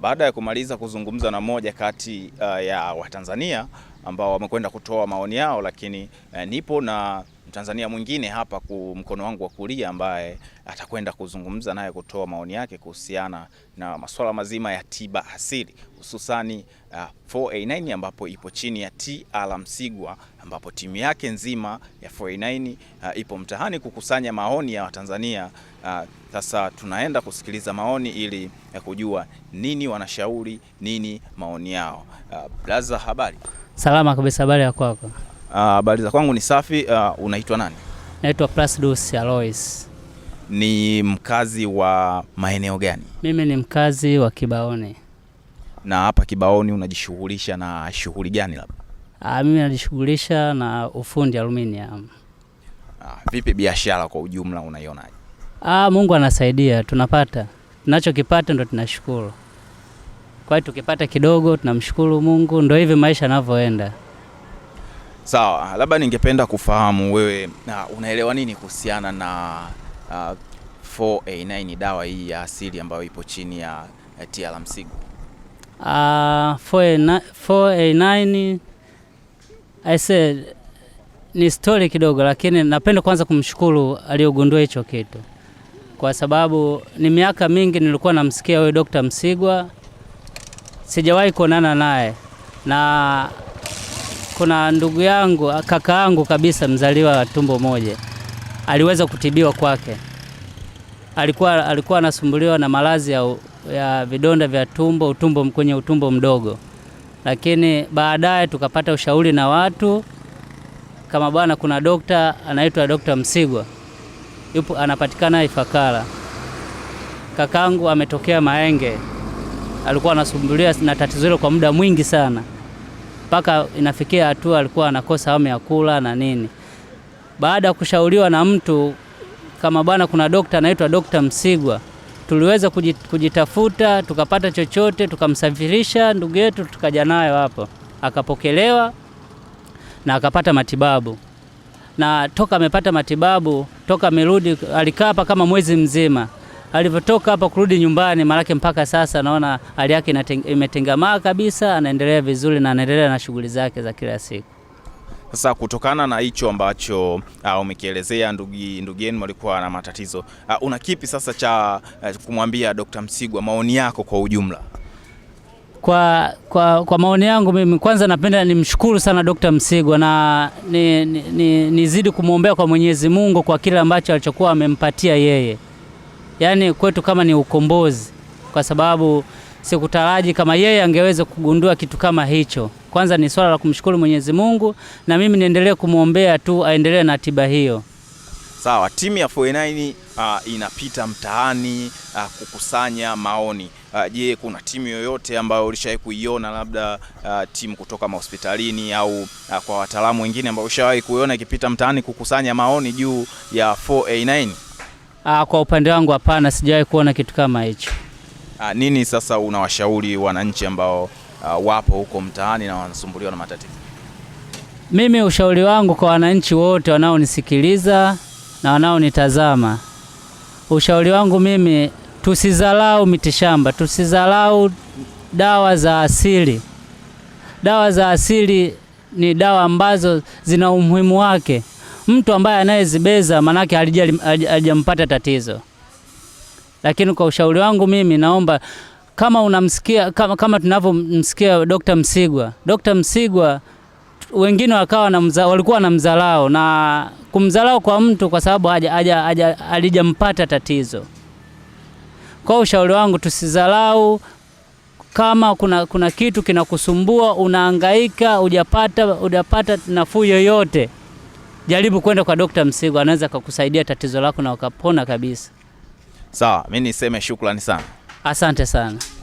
Baada ya kumaliza kuzungumza na moja kati uh, ya Watanzania ambao wamekwenda kutoa maoni yao, lakini uh, nipo na Mtanzania mwingine hapa ku mkono wangu wa kulia ambaye atakwenda kuzungumza naye kutoa maoni yake kuhusiana na masuala mazima ya tiba asili hususani uh, 4A9 ambapo ipo chini ya T Msigwa ambapo timu yake nzima ya 4A9 uh, ipo mtahani kukusanya maoni ya Watanzania. Uh, sasa uh, tunaenda kusikiliza maoni ili ya uh, kujua nini wanashauri, nini maoni yao. Uh, blaza, habari salama kabisa. Habari ya kwako? Ah, habari za kwangu ni safi. Uh, unaitwa nani? Naitwa Plasdus Alois. Ni mkazi wa maeneo gani? Mimi ni mkazi wa Kibaoni. Na hapa Kibaoni unajishughulisha na shughuli gani labda? Ah, mimi najishughulisha na ufundi aluminium. Ah, vipi biashara kwa ujumla unaionaje? Ah, Mungu anasaidia, tunapata tunachokipata ndo tunashukuru. Kwa hiyo tukipata kidogo tunamshukuru Mungu, ndo hivi maisha yanavyoenda. Sawa, labda ningependa kufahamu wewe unaelewa nini kuhusiana na uh, 4A9 dawa hii ya asili ambayo ipo chini ya uh, Msigu. Uh, 4A9, 4 I said ni stori kidogo, lakini napenda kwanza kumshukuru aliyogundua hicho kitu, kwa sababu ni miaka mingi nilikuwa namsikia huyo Dr. Msigwa, sijawahi kuonana naye na kuna ndugu yangu kaka yangu kabisa mzaliwa wa tumbo moja aliweza kutibiwa kwake. Alikuwa, alikuwa anasumbuliwa na maradhi ya, ya vidonda vya tumbo utumbo kwenye utumbo mdogo, lakini baadaye tukapata ushauri na watu kama bwana, kuna dokta anaitwa Dokta Msigwa yupo anapatikana Ifakara. Kakangu ametokea Maenge, alikuwa anasumbuliwa na tatizo hilo kwa muda mwingi sana mpaka inafikia hatua alikuwa anakosa hamu ya kula na nini. Baada ya kushauriwa na mtu kama bwana, kuna dokta anaitwa Dokta Msigwa, tuliweza kujitafuta tukapata chochote, tukamsafirisha ndugu yetu, tukaja nayo hapo, akapokelewa na akapata matibabu na toka amepata matibabu, toka amerudi, alikaa hapa kama mwezi mzima alivyotoka hapa kurudi nyumbani, maanake mpaka sasa naona hali yake imetengamaa kabisa, anaendelea vizuri na anaendelea na shughuli zake za kila siku. Sasa kutokana na hicho ambacho ah, umekielezea ndugu yenu walikuwa na matatizo, ah, una kipi sasa cha eh, kumwambia Dr. Msigwa, maoni yako kwa ujumla? Kwa, kwa, kwa maoni yangu mimi kwanza napenda nimshukuru sana Dr. Msigwa na nizidi ni, ni, ni kumwombea kwa Mwenyezi Mungu kwa kile ambacho alichokuwa amempatia yeye yani kwetu kama ni ukombozi, kwa sababu sikutaraji kama yeye angeweza kugundua kitu kama hicho. Kwanza ni swala la kumshukuru Mwenyezi Mungu, na mimi niendelee kumwombea tu aendelee na tiba hiyo. Sawa, timu ya 49 uh, ah, inapita mtaani uh, kukusanya maoni. Uh, je, kuna timu yoyote ambayo ulishawahi kuiona labda uh, timu kutoka mahospitalini au uh, kwa wataalamu wengine ambao ushawahi kuiona ikipita mtaani kukusanya maoni juu ya 4A9? Aa, ah, kwa upande wangu hapana, sijawahi kuona kitu kama hicho. Ah, nini sasa unawashauri wananchi ambao Uh, wapo huko mtaani na wanasumbuliwa na matatizo. Mimi ushauri wangu kwa wananchi wote wanaonisikiliza na wanaonitazama, ushauri wangu mimi, tusizalau mitishamba, tusizalau dawa za asili. Dawa za asili ni dawa ambazo zina umuhimu wake, mtu ambaye anayezibeza manake halijampata tatizo. Lakini kwa ushauri wangu mimi naomba kama unamsikia kama, kama tunavyomsikia Dr. Msigwa. Dr. Msigwa wengine wakawa na mza, walikuwa mzalao na kumzalao kwa mtu kwa sababu alijampata tatizo. Kwa ushauri wangu tusizalau Kama kuna, kuna kitu kinakusumbua unaangaika, ujapata ujapata nafuu yoyote jaribu kwenda kwa Dr. Msigo, anaweza kukusaidia tatizo lako na ukapona kabisa. Sawa, mimi niseme shukrani sana, asante sana.